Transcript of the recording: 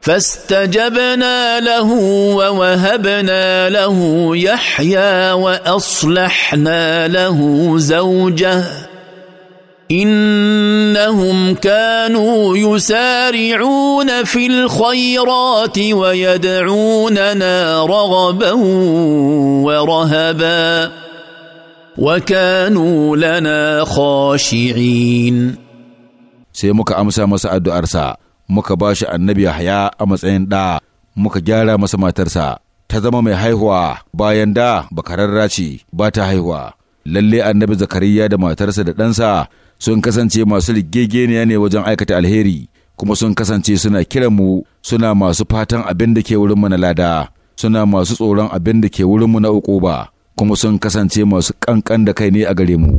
فاستجبنا له ووهبنا له يحيى واصلحنا له زوجه انهم كانوا يسارعون في الخيرات ويدعوننا رغبا ورهبا وكانوا لنا خاشعين سيمك امسى مسعد ارسى muka ba shi annabi Yahaya a matsayin ɗa, muka gyara masa matarsa, ta zama mai haihuwa bayan da bakararra ce ba ta haihuwa. Lalle annabi Zakariya da matarsa da ɗansa sun kasance masu rigegeniya ne wajen aikata alheri, kuma sun kasance suna kiranmu suna masu fatan abin da ke wurinmu na lada, suna masu tsoron abin da ke wurinmu na uku ba, kuma sun kasance masu ƙanƙan da kai ne a gare mu.